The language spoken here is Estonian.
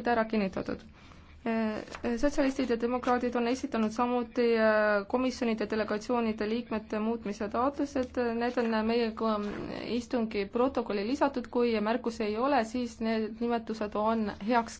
ära kinnitatud sotsialistid ja demokraadid on esitanud samuti komisjonide delegatsioonide liikmete muutmise taotlused, need on meie istungi protokolli lisatud, kui märkusi ei ole, siis need nimetused on heaks